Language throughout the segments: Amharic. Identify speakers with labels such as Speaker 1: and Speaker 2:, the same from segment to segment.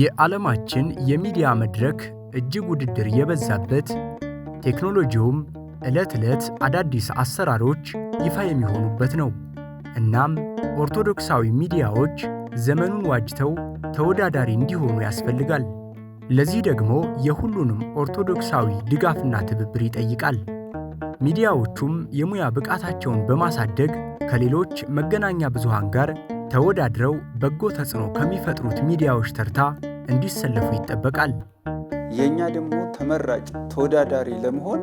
Speaker 1: የዓለማችን የሚዲያ መድረክ እጅግ ውድድር የበዛበት ቴክኖሎጂውም ዕለት ዕለት አዳዲስ አሰራሮች ይፋ የሚሆኑበት ነው። እናም ኦርቶዶክሳዊ ሚዲያዎች ዘመኑን ዋጅተው ተወዳዳሪ እንዲሆኑ ያስፈልጋል። ለዚህ ደግሞ የሁሉንም ኦርቶዶክሳዊ ድጋፍና ትብብር ይጠይቃል። ሚዲያዎቹም የሙያ ብቃታቸውን በማሳደግ ከሌሎች መገናኛ ብዙሃን ጋር ተወዳድረው በጎ ተጽዕኖ ከሚፈጥሩት ሚዲያዎች ተርታ እንዲሰለፉ ይጠበቃል።
Speaker 2: የእኛ ደግሞ ተመራጭ ተወዳዳሪ ለመሆን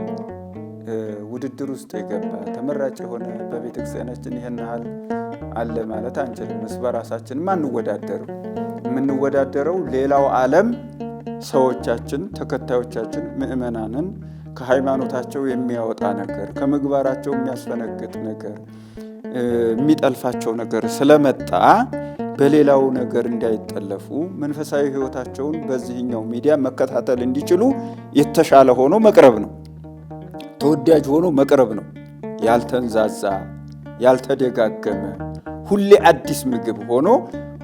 Speaker 2: ውድድር ውስጥ የገባ ተመራጭ የሆነ በቤተ ክርስቲያናችን ይህን ያህል አለ ማለት አንችልም። እስ በራሳችንም አንወዳደርም። የምንወዳደረው ሌላው ዓለም ሰዎቻችን፣ ተከታዮቻችን፣ ምእመናንን ከሃይማኖታቸው የሚያወጣ ነገር፣ ከምግባራቸው የሚያስፈነግጥ ነገር፣ የሚጠልፋቸው ነገር ስለመጣ በሌላው ነገር እንዳይጠለፉ መንፈሳዊ ህይወታቸውን በዚህኛው ሚዲያ መከታተል እንዲችሉ የተሻለ ሆኖ መቅረብ ነው። ተወዳጅ ሆኖ መቅረብ ነው። ያልተንዛዛ፣ ያልተደጋገመ፣ ሁሌ አዲስ ምግብ ሆኖ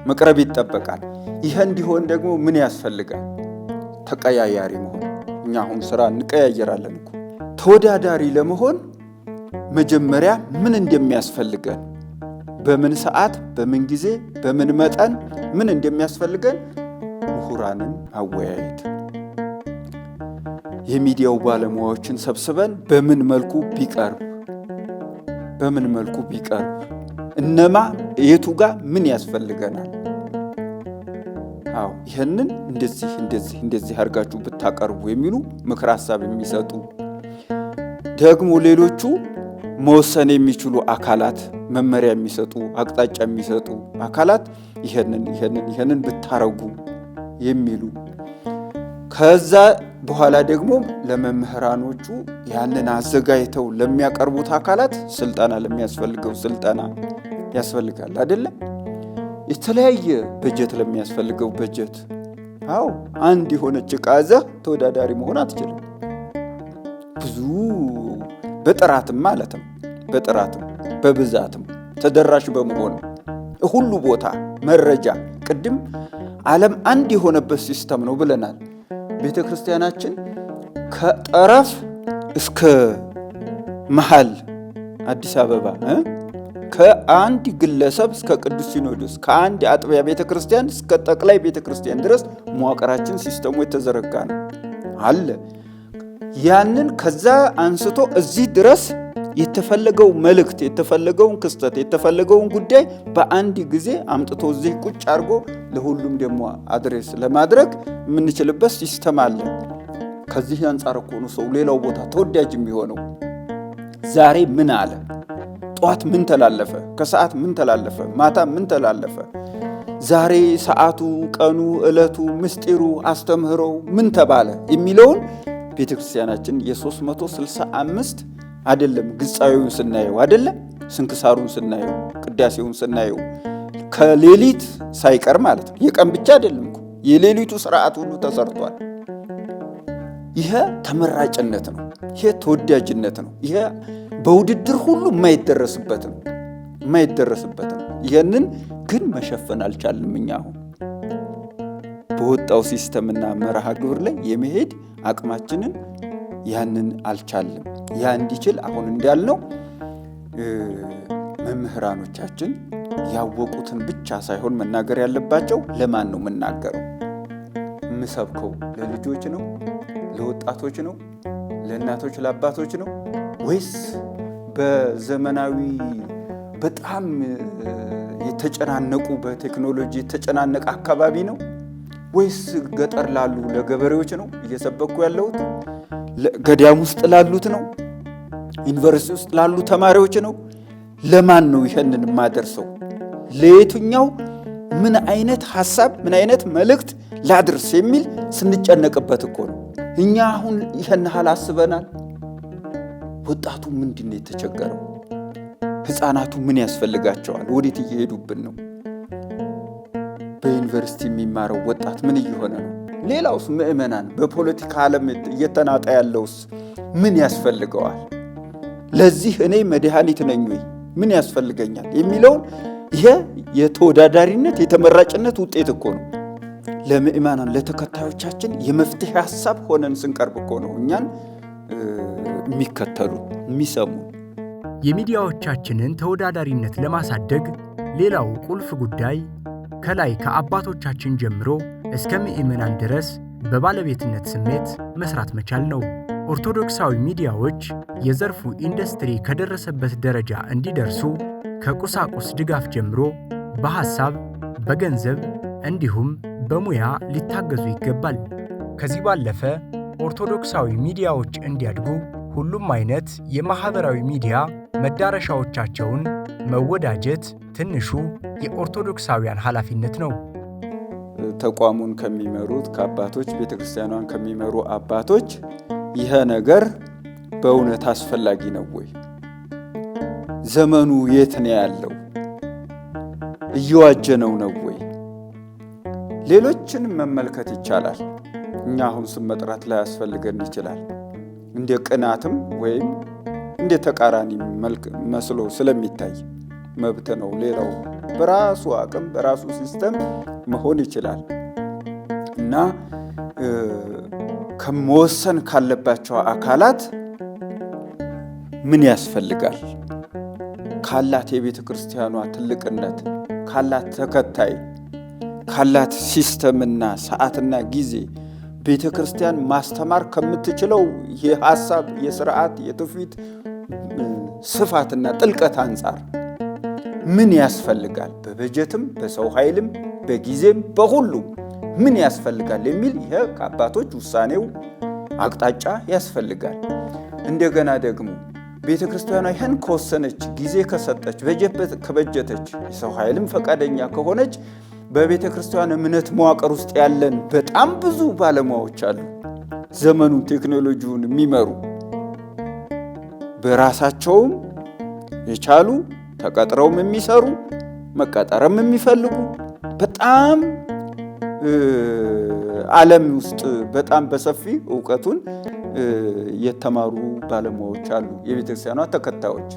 Speaker 2: መቅረብ ይጠበቃል። ይህ እንዲሆን ደግሞ ምን ያስፈልጋል? ተቀያያሪ መሆን። እኛ አሁን ስራ እንቀያየራለን እኮ። ተወዳዳሪ ለመሆን መጀመሪያ ምን እንደሚያስፈልገን በምን ሰዓት፣ በምን ጊዜ፣ በምን መጠን ምን እንደሚያስፈልገን ምሁራንን አወያየት፣ የሚዲያው ባለሙያዎችን ሰብስበን በምን መልኩ ቢቀርብ በምን መልኩ ቢቀርብ እነማ የቱ ጋር ምን ያስፈልገናል? አዎ ይህንን እንደዚህ እንደዚህ እንደዚህ አድርጋችሁ ብታቀርቡ የሚሉ ምክር ሀሳብ የሚሰጡ ደግሞ ሌሎቹ መወሰን የሚችሉ አካላት መመሪያ የሚሰጡ አቅጣጫ የሚሰጡ አካላት ይሄንን ይሄንን ይሄንን ብታረጉ የሚሉ ከዛ በኋላ ደግሞ ለመምህራኖቹ ያንን አዘጋጅተው ለሚያቀርቡት አካላት ስልጠና ለሚያስፈልገው ስልጠና ያስፈልጋል አይደለም። የተለያየ በጀት ለሚያስፈልገው በጀት። አዎ አንድ የሆነች ዕቃ ዘህ ተወዳዳሪ መሆን አትችልም። ብዙ በጥራትም ማለትም በጥራትም በብዛትም ተደራሽ በመሆን ሁሉ ቦታ መረጃ ቅድም ዓለም አንድ የሆነበት ሲስተም ነው ብለናል። ቤተ ክርስቲያናችን ከጠረፍ እስከ መሃል አዲስ አበባ ከአንድ ግለሰብ እስከ ቅዱስ ሲኖዶስ ከአንድ አጥቢያ ቤተ ክርስቲያን እስከ ጠቅላይ ቤተ ክርስቲያን ድረስ መዋቅራችን ሲስተሙ የተዘረጋ ነው አለ። ያንን ከዛ አንስቶ እዚህ ድረስ የተፈለገው መልእክት፣ የተፈለገውን ክስተት፣ የተፈለገውን ጉዳይ በአንድ ጊዜ አምጥቶ እዚህ ቁጭ አድርጎ ለሁሉም ደግሞ አድሬስ ለማድረግ የምንችልበት ሲስተም አለ። ከዚህ አንጻር እኮ ነው ሰው ሌላው ቦታ ተወዳጅ የሚሆነው። ዛሬ ምን አለ፣ ጠዋት ምን ተላለፈ፣ ከሰዓት ምን ተላለፈ፣ ማታ ምን ተላለፈ፣ ዛሬ ሰዓቱ፣ ቀኑ፣ ዕለቱ፣ ምስጢሩ፣ አስተምህሮው ምን ተባለ የሚለውን ቤተክርስቲያናችን የ365 አይደለም። ግጻዊውን ስናየው አይደለም፣ ስንክሳሩን ስናየው፣ ቅዳሴውን ስናየው ከሌሊት ሳይቀር ማለት ነው። የቀን ብቻ አይደለም፣ የሌሊቱ ስርዓት ሁሉ ተሰርቷል። ይሄ ተመራጭነት ነው። ይሄ ተወዳጅነት ነው። ይሄ በውድድር ሁሉ የማይደረስበት ነው የማይደረስበት ነው። ይህንን ግን መሸፈን አልቻልም። እኛ አሁን በወጣው ሲስተምና መርሃ ግብር ላይ የመሄድ አቅማችንን ያንን አልቻለም። ያ እንዲችል አሁን እንዳልነው መምህራኖቻችን ያወቁትን ብቻ ሳይሆን መናገር ያለባቸው ለማን ነው የምናገረው? የምሰብከው ለልጆች ነው? ለወጣቶች ነው? ለእናቶች ለአባቶች ነው? ወይስ በዘመናዊ በጣም የተጨናነቁ በቴክኖሎጂ የተጨናነቀ አካባቢ ነው ወይስ ገጠር ላሉ ለገበሬዎች ነው እየሰበኩ ያለሁት? ገዳም ውስጥ ላሉት ነው ዩኒቨርሲቲ ውስጥ ላሉ ተማሪዎች ነው። ለማን ነው ይህንን የማደርሰው? ለየትኛው ምን አይነት ሀሳብ ምን አይነት መልእክት ላድርስ የሚል ስንጨነቅበት እኮ ነው። እኛ አሁን ይህን ያህል አስበናል። ወጣቱ ምንድን ነው የተቸገረው? ህፃናቱ ምን ያስፈልጋቸዋል? ወዴት እየሄዱብን ነው? በዩኒቨርሲቲ የሚማረው ወጣት ምን እየሆነ ነው? ሌላውስ ምዕመናን በፖለቲካ ዓለም እየተናጠ ያለውስ ምን ያስፈልገዋል? ለዚህ እኔ መድኃኒት ነኝ ወይ ምን ያስፈልገኛል የሚለውን ይሄ የተወዳዳሪነት የተመራጭነት ውጤት እኮ ነው። ለምእማናን ለተከታዮቻችን የመፍትሄ ሀሳብ ሆነን ስንቀርብ እኮ ነው እኛን የሚከተሉ የሚሰሙ።
Speaker 1: የሚዲያዎቻችንን ተወዳዳሪነት ለማሳደግ ሌላው ቁልፍ ጉዳይ ከላይ ከአባቶቻችን ጀምሮ እስከ ምእመናን ድረስ በባለቤትነት ስሜት መስራት መቻል ነው። ኦርቶዶክሳዊ ሚዲያዎች የዘርፉ ኢንዱስትሪ ከደረሰበት ደረጃ እንዲደርሱ ከቁሳቁስ ድጋፍ ጀምሮ በሐሳብ፣ በገንዘብ እንዲሁም በሙያ ሊታገዙ ይገባል። ከዚህ ባለፈ ኦርቶዶክሳዊ ሚዲያዎች እንዲያድጉ ሁሉም አይነት የማህበራዊ ሚዲያ መዳረሻዎቻቸውን መወዳጀት ትንሹ የኦርቶዶክሳውያን ኃላፊነት ነው።
Speaker 2: ተቋሙን ከሚመሩት ከአባቶች ቤተ ክርስቲያኗን ከሚመሩ አባቶች ይሄ ነገር በእውነት አስፈላጊ ነው ወይ? ዘመኑ የት ነው ያለው? እየዋጀነው ነው ወይ? ሌሎችን መመልከት ይቻላል። እኛ አሁን ስም መጥራት ላያስፈልገን ይችላል። እንደ ቅናትም ወይም እንደ ተቃራኒ መስሎ ስለሚታይ መብት ነው ሌላው በራሱ አቅም በራሱ ሲስተም መሆን ይችላል እና ከመወሰን ካለባቸው አካላት ምን ያስፈልጋል? ካላት የቤተ ክርስቲያኗ ትልቅነት፣ ካላት ተከታይ፣ ካላት ሲስተምና ሰዓትና ጊዜ ቤተ ክርስቲያን ማስተማር ከምትችለው የሀሳብ፣ የስርዓት፣ የትውፊት ስፋትና ጥልቀት አንጻር ምን ያስፈልጋል፣ በበጀትም በሰው ኃይልም በጊዜም በሁሉም ምን ያስፈልጋል የሚል ይህ ከአባቶች ውሳኔው አቅጣጫ ያስፈልጋል። እንደገና ደግሞ ቤተ ክርስቲያኗ ይህን ከወሰነች ጊዜ ከሰጠች ከበጀተች የሰው ኃይልም ፈቃደኛ ከሆነች በቤተ ክርስቲያን እምነት መዋቅር ውስጥ ያለን በጣም ብዙ ባለሙያዎች አሉ። ዘመኑን ቴክኖሎጂውን የሚመሩ በራሳቸውም የቻሉ ተቀጥረውም የሚሰሩ መቀጠርም የሚፈልጉ በጣም ዓለም ውስጥ በጣም በሰፊ እውቀቱን የተማሩ ባለሙያዎች አሉ። የቤተክርስቲያኗ ተከታዮች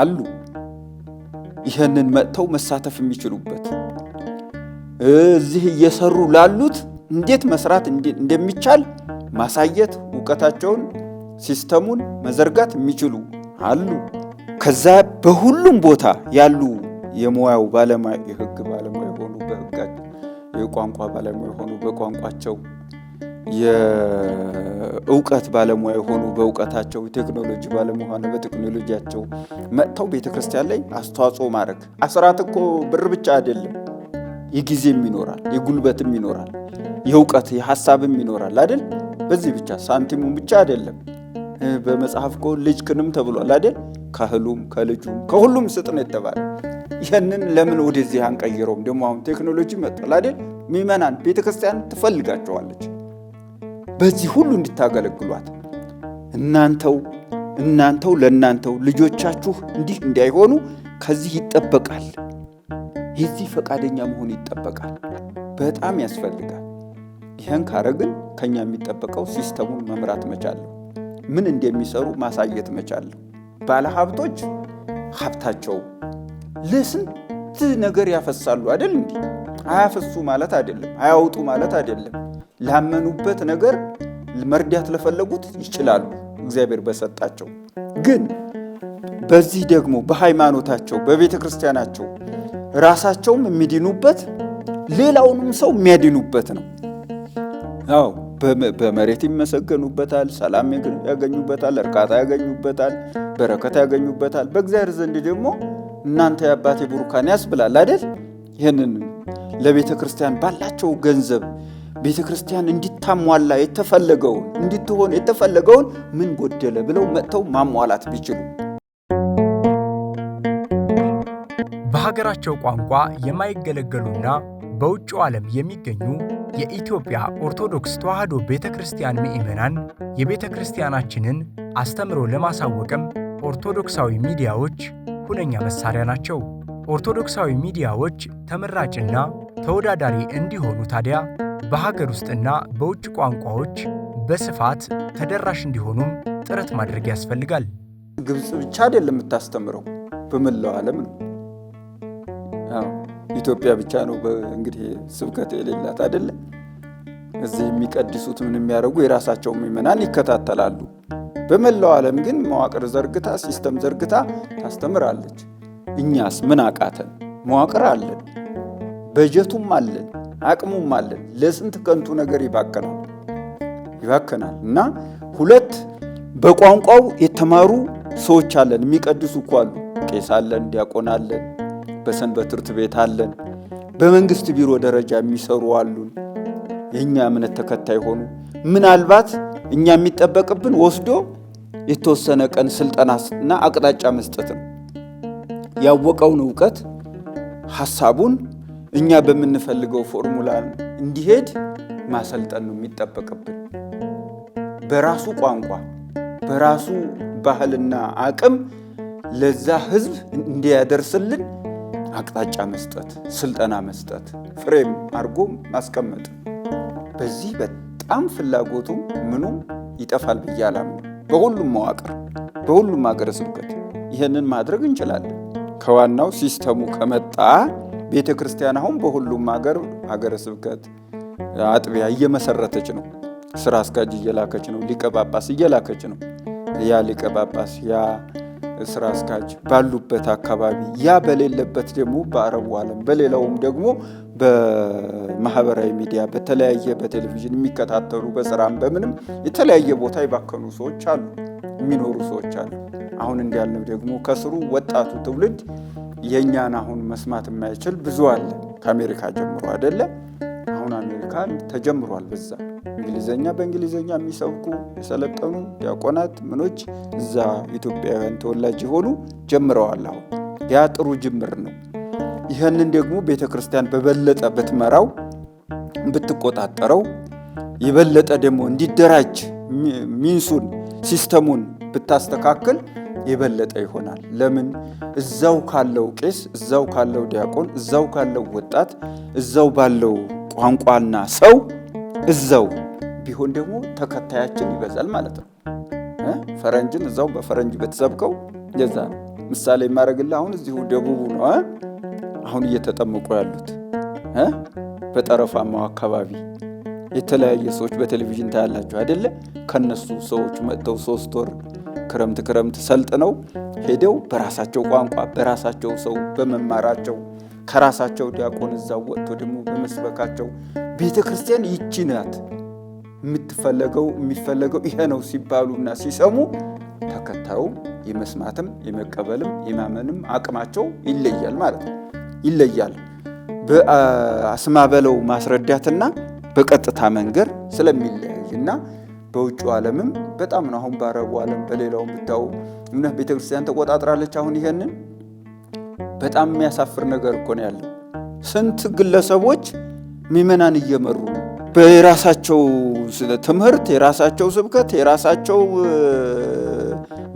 Speaker 2: አሉ። ይህንን መጥተው መሳተፍ የሚችሉበት እዚህ እየሰሩ ላሉት እንዴት መስራት እንደሚቻል ማሳየት፣ እውቀታቸውን ሲስተሙን መዘርጋት የሚችሉ አሉ። ከዛ በሁሉም ቦታ ያሉ የሙያው ባለሙያ የህግ ባለሙያ የሆኑ በህጋቸው የቋንቋ ባለሙያ የሆኑ በቋንቋቸው የእውቀት ባለሙያ የሆኑ በእውቀታቸው የቴክኖሎጂ ባለሙያ በቴክኖሎጂያቸው መጥተው ቤተክርስቲያን ላይ አስተዋጽኦ ማድረግ። አስራት እኮ ብር ብቻ አይደለም፣ የጊዜም ይኖራል፣ የጉልበትም ይኖራል፣ የእውቀት የሀሳብም ይኖራል አይደል? በዚህ ብቻ ሳንቲሙም ብቻ አይደለም። በመጽሐፍ እኮ ልጅ ክንም ተብሏል አይደል? ከእህሉም ከልጁም ከሁሉም ስጥ ነው የተባለ። ይህንን ለምን ወደዚህ አንቀይረውም? ደግሞ አሁን ቴክኖሎጂ መጥቷል አይደል? ሚመናን ቤተክርስቲያን ትፈልጋቸዋለች። በዚህ ሁሉ እንድታገለግሏት እናንተው እናንተው ለእናንተው ልጆቻችሁ እንዲህ እንዳይሆኑ ከዚህ ይጠበቃል። የዚህ ፈቃደኛ መሆን ይጠበቃል። በጣም ያስፈልጋል። ይህን ካረግን ከኛ የሚጠበቀው ሲስተሙን መምራት መቻል ነው። ምን እንደሚሰሩ ማሳየት መቻል። ባለሀብቶች ሀብታቸው ለስንት ነገር ያፈሳሉ አይደል? እንዲህ አያፈሱ ማለት አይደለም፣ አያውጡ ማለት አይደለም። ላመኑበት ነገር መርዳት ለፈለጉት ይችላሉ፣ እግዚአብሔር በሰጣቸው። ግን በዚህ ደግሞ በሃይማኖታቸው በቤተ ክርስቲያናቸው ራሳቸውም የሚድኑበት ሌላውንም ሰው የሚያድኑበት ነው። አዎ በመሬት ይመሰገኑበታል፣ ሰላም ያገኙበታል፣ እርካታ ያገኙበታል፣ በረከት ያገኙበታል። በእግዚአብሔር ዘንድ ደግሞ እናንተ የአባቴ ቡሩካን ያስብላል አይደል? ይህንን ለቤተ ክርስቲያን ባላቸው ገንዘብ ቤተ ክርስቲያን እንዲታሟላ የተፈለገውን እንድትሆን የተፈለገውን ምን ጎደለ ብለው መጥተው ማሟላት ቢችሉ
Speaker 1: በሀገራቸው ቋንቋ የማይገለገሉና በውጭው ዓለም የሚገኙ የኢትዮጵያ ኦርቶዶክስ ተዋሕዶ ቤተ ክርስቲያን ምዕመናን የቤተ ክርስቲያናችንን አስተምሮ ለማሳወቅም ኦርቶዶክሳዊ ሚዲያዎች ሁነኛ መሳሪያ ናቸው። ኦርቶዶክሳዊ ሚዲያዎች ተመራጭና ተወዳዳሪ እንዲሆኑ ታዲያ በሀገር ውስጥና በውጭ ቋንቋዎች በስፋት ተደራሽ እንዲሆኑም ጥረት ማድረግ ያስፈልጋል።
Speaker 2: ግብፅ ብቻ አይደለም የምታስተምረው፣ በመላው ዓለም ነው። ኢትዮጵያ ብቻ ነው እንግዲህ ስብከት የሌላት አይደለም። እዚህ የሚቀድሱት ምን የሚያደርጉ የራሳቸው ምዕመናን ይከታተላሉ። በመላው ዓለም ግን መዋቅር ዘርግታ ሲስተም ዘርግታ ታስተምራለች። እኛስ ምን አቃተን? መዋቅር አለን፣ በጀቱም አለን፣ አቅሙም አለን። ለስንት ከንቱ ነገር ይባከናል ይባከናል። እና ሁለት በቋንቋው የተማሩ ሰዎች አለን፣ የሚቀድሱ እኮ አሉ። ቄስ አለን፣ ዲያቆን አለን በሰንበት ትምህርት ቤት አለን። በመንግስት ቢሮ ደረጃ የሚሰሩ አሉን። የእኛ እምነት ተከታይ ሆኑ። ምናልባት እኛ የሚጠበቅብን ወስዶ የተወሰነ ቀን ስልጠና እና አቅጣጫ መስጠት ነው። ያወቀውን እውቀት ሀሳቡን እኛ በምንፈልገው ፎርሙላ እንዲሄድ ማሰልጠን ነው የሚጠበቅብን። በራሱ ቋንቋ በራሱ ባህልና አቅም ለዛ ህዝብ እንዲያደርስልን አቅጣጫ መስጠት፣ ስልጠና መስጠት፣ ፍሬም አድርጎ ማስቀመጥ። በዚህ በጣም ፍላጎቱ ምኑም ይጠፋል ብዬ በሁሉም መዋቅር፣ በሁሉም ሀገረ ስብከት ይህንን ማድረግ እንችላለን። ከዋናው ሲስተሙ ከመጣ ቤተ ክርስቲያን አሁን በሁሉም ሀገር ሀገረ ስብከት አጥቢያ እየመሰረተች ነው። ስራ አስኪያጅ እየላከች ነው። ሊቀ ጳጳስ እየላከች ነው። ያ ሊቀ ጳጳስ ያ ስራ አስኪያጅ ባሉበት አካባቢ፣ ያ በሌለበት ደግሞ በአረቡ ዓለም በሌላውም ደግሞ በማህበራዊ ሚዲያ በተለያየ በቴሌቪዥን የሚከታተሉ በስራም በምንም የተለያየ ቦታ የባከኑ ሰዎች አሉ፣ የሚኖሩ ሰዎች አሉ። አሁን እንዲያልነው ደግሞ ከስሩ ወጣቱ ትውልድ የእኛን አሁን መስማት የማይችል ብዙ አለ። ከአሜሪካ ጀምሮ አይደለም አሁን አሜሪካን ተጀምሯል። በዛ እንግሊዘኛ በእንግሊዘኛ የሚሰብኩ የሰለጠኑ ዲያቆናት ምኖች እዛ ኢትዮጵያውያን ተወላጅ የሆኑ ጀምረዋል። አሁን ያ ጥሩ ጅምር ነው። ይህንን ደግሞ ቤተ ክርስቲያን በበለጠ ብትመራው ብትቆጣጠረው፣ የበለጠ ደግሞ እንዲደራጅ ሚንሱን ሲስተሙን ብታስተካክል የበለጠ ይሆናል። ለምን እዛው ካለው ቄስ፣ እዛው ካለው ዲያቆን፣ እዛው ካለው ወጣት፣ እዛው ባለው ቋንቋና ሰው እዛው ቢሆን ደግሞ ተከታያችን ይበዛል ማለት ነው። ፈረንጅን እዛው በፈረንጅ በተሰብከው እንደዛ ነው። ምሳሌ የማደርግልህ አሁን እዚሁ ደቡቡ ነው አሁን እየተጠመቁ ያሉት በጠረፋማው አካባቢ የተለያየ ሰዎች በቴሌቪዥን ታያላችሁ አይደለ? ከነሱ ሰዎች መጥተው ሶስት ወር ክረምት ክረምት ሰልጥነው ሄደው በራሳቸው ቋንቋ በራሳቸው ሰው በመማራቸው ከራሳቸው ዲያቆን እዛ ወጥቶ ደግሞ በመስበካቸው ቤተ ክርስቲያን ይቺ ናት የምትፈለገው የሚፈለገው ይሄ ነው ሲባሉና ሲሰሙ ተከታዩ የመስማትም የመቀበልም የማመንም አቅማቸው ይለያል ማለት ነው። ይለያል በአስማበለው ማስረዳትና በቀጥታ መንገድ ስለሚለያይ እና በውጭ ዓለምም በጣም ነው አሁን በአረቡ ዓለም በሌላው ብታው እምነት ቤተክርስቲያን ተቆጣጥራለች። አሁን ይሄንን በጣም የሚያሳፍር ነገር እኮ ነው ያለው። ስንት ግለሰቦች ምዕመናን እየመሩ በራሳቸው ትምህርት፣ የራሳቸው ስብከት፣ የራሳቸው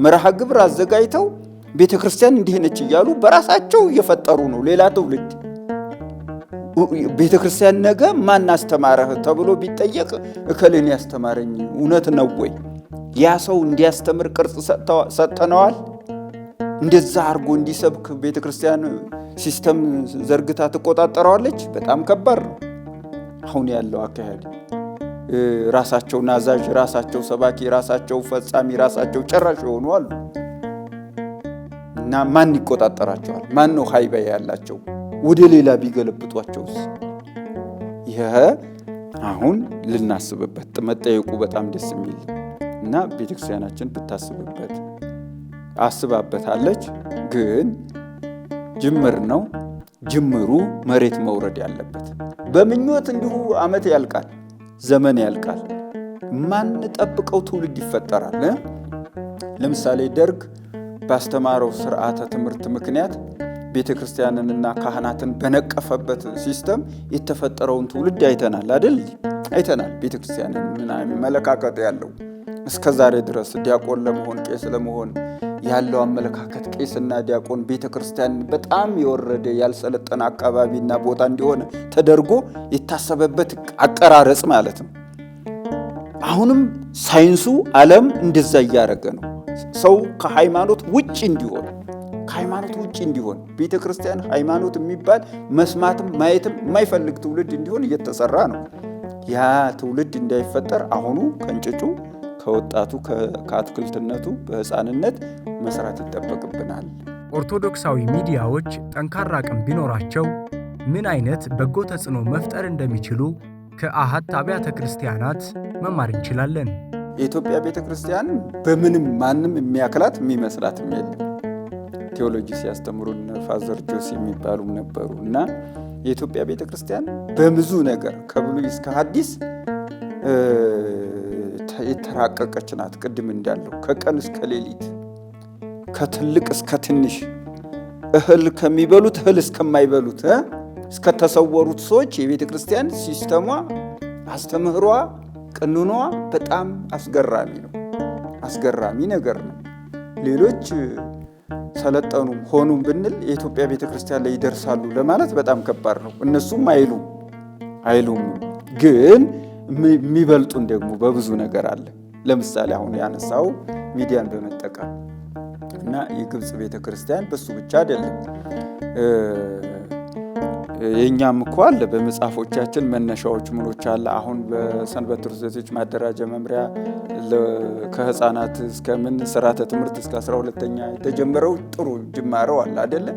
Speaker 2: መርሃ ግብር አዘጋጅተው ቤተ ክርስቲያን እንዲህ ነች እያሉ በራሳቸው እየፈጠሩ ነው። ሌላ ትውልድ ቤተ ክርስቲያን ነገ ማን አስተማረህ ተብሎ ቢጠየቅ እከልን ያስተማረኝ እውነት ነው ወይ? ያ ሰው እንዲያስተምር ቅርጽ ሰጥተነዋል? እንደዛ አድርጎ እንዲሰብክ ቤተ ክርስቲያን ሲስተም ዘርግታ ትቆጣጠረዋለች። በጣም ከባድ ነው። አሁን ያለው አካሄድ ራሳቸው ናዛዥ፣ ራሳቸው ሰባኪ፣ ራሳቸው ፈጻሚ፣ ራሳቸው ጨራሽ የሆኑ አሉ እና ማን ይቆጣጠራቸዋል? ማን ነው ሀይባ ያላቸው? ወደ ሌላ ቢገለብጧቸውስ? ይህ አሁን ልናስብበት መጠየቁ በጣም ደስ የሚል እና ቤተክርስቲያናችን ብታስብበት አስባበታለች። ግን ጅምር ነው። ጅምሩ መሬት መውረድ ያለበት። በምኞት እንዲሁ ዓመት ያልቃል፣ ዘመን ያልቃል፣ ማንጠብቀው ትውልድ ይፈጠራል። ለምሳሌ ደርግ ባስተማረው ስርዓተ ትምህርት ምክንያት ቤተ ክርስቲያንንና ካህናትን በነቀፈበት ሲስተም የተፈጠረውን ትውልድ አይተናል አይደል? አይተናል። ቤተ ክርስቲያንን ምን አመለካከት ያለው እስከ ዛሬ ድረስ ዲያቆን ለመሆን ቄስ ለመሆን ያለው አመለካከት ቄስና ዲያቆን ቤተ ክርስቲያን በጣም የወረደ ያልሰለጠነ አካባቢና ቦታ እንዲሆነ ተደርጎ የታሰበበት አቀራረጽ ማለት ነው። አሁንም ሳይንሱ ዓለም እንደዛ እያደረገ ነው። ሰው ከሃይማኖት ውጭ እንዲሆን ከሃይማኖት ውጭ እንዲሆን ቤተ ክርስቲያን ሃይማኖት የሚባል መስማትም ማየትም የማይፈልግ ትውልድ እንዲሆን እየተሰራ ነው። ያ ትውልድ እንዳይፈጠር አሁኑ ከእንጭጩ ከወጣቱ ከአትክልትነቱ በህፃንነት መስራት ይጠበቅብናል።
Speaker 1: ኦርቶዶክሳዊ ሚዲያዎች ጠንካራ አቅም ቢኖራቸው ምን አይነት በጎ ተጽዕኖ መፍጠር እንደሚችሉ ከአሃት አብያተ ክርስቲያናት መማር እንችላለን።
Speaker 2: የኢትዮጵያ ቤተ ክርስቲያን በምንም ማንም የሚያክላት የሚመስላትም የለም። ቴዎሎጂ ሲያስተምሩ ፋዘር ጆስ የሚባሉ ነበሩ እና የኢትዮጵያ ቤተ ክርስቲያን በብዙ ነገር ከብሉይ እስከ ሐዲስ የተራቀቀች ናት። ቅድም እንዳለው ከቀን እስከ ሌሊት ከትልቅ እስከ ትንሽ እህል ከሚበሉት እህል እስከማይበሉት እስከተሰወሩት ሰዎች የቤተ ክርስቲያን ሲስተሟ፣ አስተምህሯ፣ ቅንኗ በጣም አስገራሚ ነው። አስገራሚ ነገር ነው። ሌሎች ሰለጠኑም ሆኑም ብንል የኢትዮጵያ ቤተ ክርስቲያን ላይ ይደርሳሉ ለማለት በጣም ከባድ ነው። እነሱም አይሉም አይሉም፣ ግን የሚበልጡን ደግሞ በብዙ ነገር አለ። ለምሳሌ አሁን ያነሳው ሚዲያን በመጠቀም እና የግብፅ ቤተ ክርስቲያን በሱ ብቻ አይደለም። የእኛም እኮ አለ በመጽሐፎቻችን መነሻዎች ምኖች አለ። አሁን በሰንበት ትምህርት ቤቶች ማደራጃ መምሪያ ከህፃናት እስከምን ስርዓተ ትምህርት እስከ 12ተኛ የተጀመረው ጥሩ ጅማረው አለ አይደለ።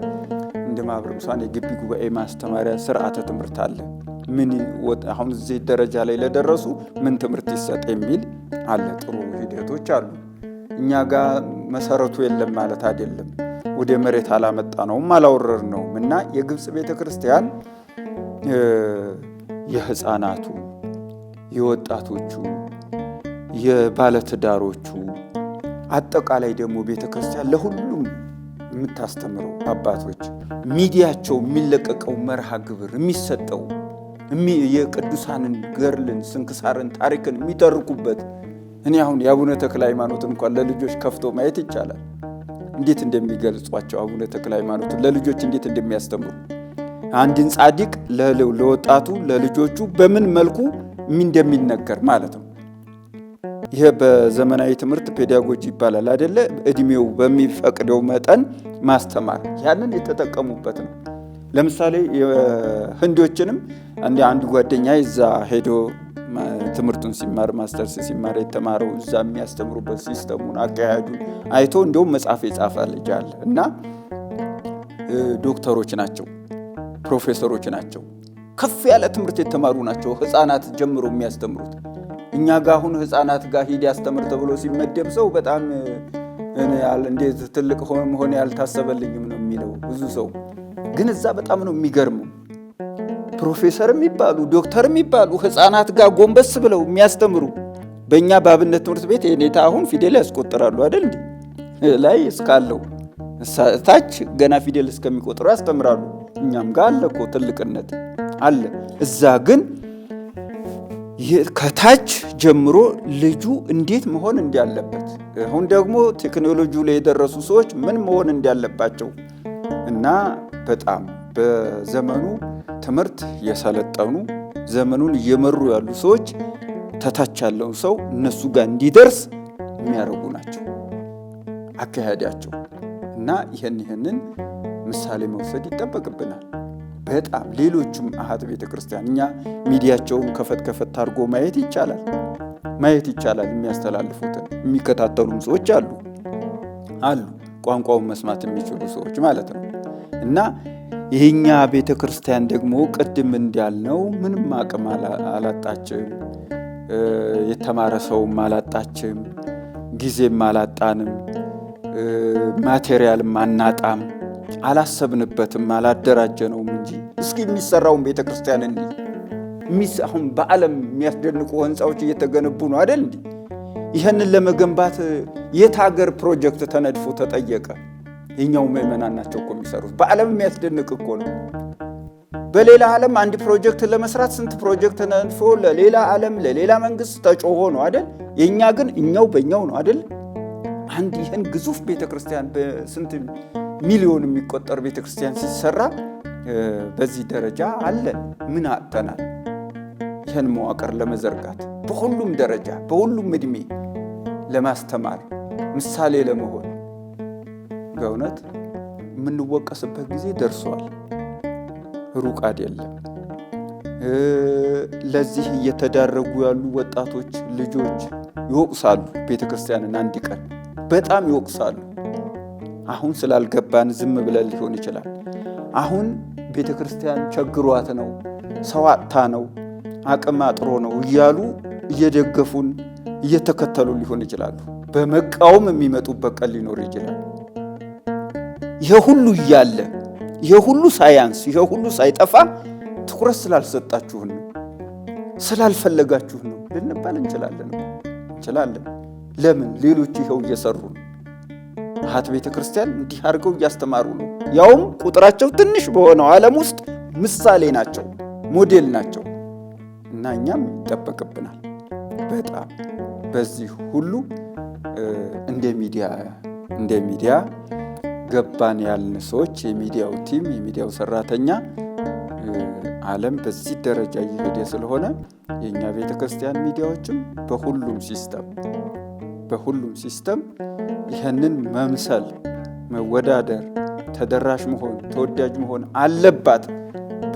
Speaker 2: እንደ ማህበረ ቅዱሳን የግቢ ጉባኤ ማስተማሪያ ስርዓተ ትምህርት አለ። ምን አሁን እዚህ ደረጃ ላይ ለደረሱ ምን ትምህርት ይሰጥ የሚል አለ። ጥሩ ሂደቶች አሉ። እኛ ጋር መሰረቱ የለም ማለት አይደለም። ወደ መሬት አላመጣ ነውም አላወረር ነውም እና የግብፅ ቤተ ክርስቲያን የህፃናቱ፣ የወጣቶቹ፣ የባለትዳሮቹ አጠቃላይ ደግሞ ቤተ ክርስቲያን ለሁሉም የምታስተምረው አባቶች ሚዲያቸው የሚለቀቀው መርሃ ግብር የሚሰጠው የቅዱሳንን ገርልን፣ ስንክሳርን፣ ታሪክን የሚተርኩበት እኔ አሁን የአቡነ ተክለ ሃይማኖት እንኳን ለልጆች ከፍቶ ማየት ይቻላል። እንዴት እንደሚገልጿቸው አቡነ ተክለ ሃይማኖት ለልጆች እንዴት እንደሚያስተምሩ አንድን ጻድቅ ለወጣቱ ለልጆቹ በምን መልኩ እንደሚነገር ማለት ነው። ይሄ በዘመናዊ ትምህርት ፔዳጎጂ ይባላል አይደለ? እድሜው በሚፈቅደው መጠን ማስተማር ያንን የተጠቀሙበት ነው። ለምሳሌ ህንዶችንም አንድ ጓደኛ ይዛ ሄዶ ትምህርቱን ሲማር ማስተርስ ሲማር የተማረው እዛ የሚያስተምሩበት ሲስተሙን አካሄዱን አይቶ እንዲሁም መጽሐፍ የጻፈ ልጅ አለ እና ዶክተሮች ናቸው፣ ፕሮፌሰሮች ናቸው፣ ከፍ ያለ ትምህርት የተማሩ ናቸው። ህፃናት ጀምሮ የሚያስተምሩት እኛ ጋር አሁን ህፃናት ጋር ሂድ ያስተምር ተብሎ ሲመደብ ሰው በጣም እንዴት ትልቅ ሆነ ያልታሰበልኝም ነው የሚለው ብዙ ሰው። ግን እዛ በጣም ነው የሚገርመው ፕሮፌሰር የሚባሉ ዶክተር የሚባሉ ህፃናት ጋር ጎንበስ ብለው የሚያስተምሩ በእኛ በአብነት ትምህርት ቤት የኔታ አሁን ፊደል ያስቆጥራሉ አይደል? ላይ እስካለው ታች ገና ፊደል እስከሚቆጥሩ ያስተምራሉ። እኛም ጋር አለ እኮ ትልቅነት አለ። እዛ ግን ከታች ጀምሮ ልጁ እንዴት መሆን እንዳለበት፣ አሁን ደግሞ ቴክኖሎጂ ላይ የደረሱ ሰዎች ምን መሆን እንዳለባቸው እና በጣም በዘመኑ ትምህርት የሰለጠኑ ዘመኑን እየመሩ ያሉ ሰዎች ተታች ያለውን ሰው እነሱ ጋር እንዲደርስ የሚያደርጉ ናቸው አካሄዳቸው እና ይህን ይህንን ምሳሌ መውሰድ ይጠበቅብናል። በጣም ሌሎችም አሃት ቤተ ክርስቲያን እኛ ሚዲያቸውን ከፈት ከፈት አድርጎ ማየት ይቻላል ማየት ይቻላል። የሚያስተላልፉትን የሚከታተሉም ሰዎች አሉ አሉ ቋንቋውን መስማት የሚችሉ ሰዎች ማለት ነው እና ይህኛ ቤተ ክርስቲያን ደግሞ ቅድም እንዳልነው ምንም አቅም አላጣችም፣ የተማረ ሰውም አላጣችም፣ ጊዜም አላጣንም፣ ማቴሪያልም አናጣም። አላሰብንበትም፣ አላደራጀነውም እንጂ እስኪ የሚሰራውን ቤተ ክርስቲያን እንዲ ሚስ አሁን በዓለም የሚያስደንቁ ህንፃዎች እየተገነቡ ነው አይደል? እንዲ ይህንን ለመገንባት የት ሀገር ፕሮጀክት ተነድፎ ተጠየቀ? የኛው ምዕመናን ናቸው እኮ የሚሰሩት። በዓለም የሚያስደንቅ እኮ ነው። በሌላ ዓለም አንድ ፕሮጀክት ለመስራት ስንት ፕሮጀክት ነንፎ ለሌላ ዓለም ለሌላ መንግስት ተጮሆ ነው አይደል? የእኛ ግን እኛው በእኛው ነው አይደል? አንድ ይህን ግዙፍ ቤተክርስቲያን በስንት ሚሊዮን የሚቆጠር ቤተክርስቲያን ሲሰራ በዚህ ደረጃ አለ። ምን አጥተናል? ይህን መዋቅር ለመዘርጋት በሁሉም ደረጃ በሁሉም እድሜ ለማስተማር ምሳሌ ለመሆን በእውነት የምንወቀስበት ጊዜ ደርሷል። ሩቅ አይደለም። ለዚህ እየተዳረጉ ያሉ ወጣቶች ልጆች ይወቅሳሉ፣ ቤተ ክርስቲያንን አንድ ቀን በጣም ይወቅሳሉ። አሁን ስላልገባን ዝም ብለን ሊሆን ይችላል። አሁን ቤተ ክርስቲያን ቸግሯት ነው፣ ሰው አጥታ ነው፣ አቅም አጥሮ ነው እያሉ እየደገፉን እየተከተሉ ሊሆን ይችላሉ። በመቃወም የሚመጡበት ቀን ሊኖር ይችላል። ይሄ ሁሉ እያለ ይሄ ሁሉ ሳያንስ ይሄ ሁሉ ሳይጠፋ ትኩረት ስላልሰጣችሁ ነው ስላልፈለጋችሁ ነው ልንባል እንችላለን እንችላለን። ለምን ሌሎች ይኸው እየሰሩ ነው። ሀት ቤተ ክርስቲያን እንዲህ አድርገው እያስተማሩ ነው። ያውም ቁጥራቸው ትንሽ በሆነው ዓለም ውስጥ ምሳሌ ናቸው፣ ሞዴል ናቸው እና እኛም ይጠበቅብናል በጣም በዚህ ሁሉ እንደ ሚዲያ እንደ ሚዲያ ገባን ያልን ሰዎች የሚዲያው ቲም የሚዲያው ሰራተኛ ዓለም በዚህ ደረጃ እየሄደ ስለሆነ የእኛ ቤተ ክርስቲያን ሚዲያዎችም በሁሉም ሲስተም በሁሉም ሲስተም ይህንን መምሰል፣ መወዳደር፣ ተደራሽ መሆን፣ ተወዳጅ መሆን አለባት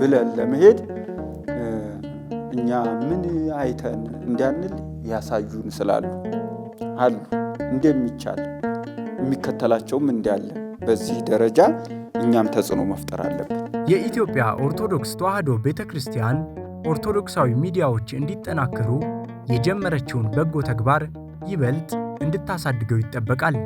Speaker 2: ብለን ለመሄድ እኛ ምን አይተን እንዳንል ያሳዩን ስላሉ አሉ እንደሚቻል የሚከተላቸውም እንዳለ በዚህ ደረጃ እኛም ተጽዕኖ መፍጠር አለብን።
Speaker 1: የኢትዮጵያ ኦርቶዶክስ ተዋሕዶ ቤተ ክርስቲያን ኦርቶዶክሳዊ ሚዲያዎች እንዲጠናከሩ የጀመረችውን በጎ ተግባር ይበልጥ እንድታሳድገው ይጠበቃል።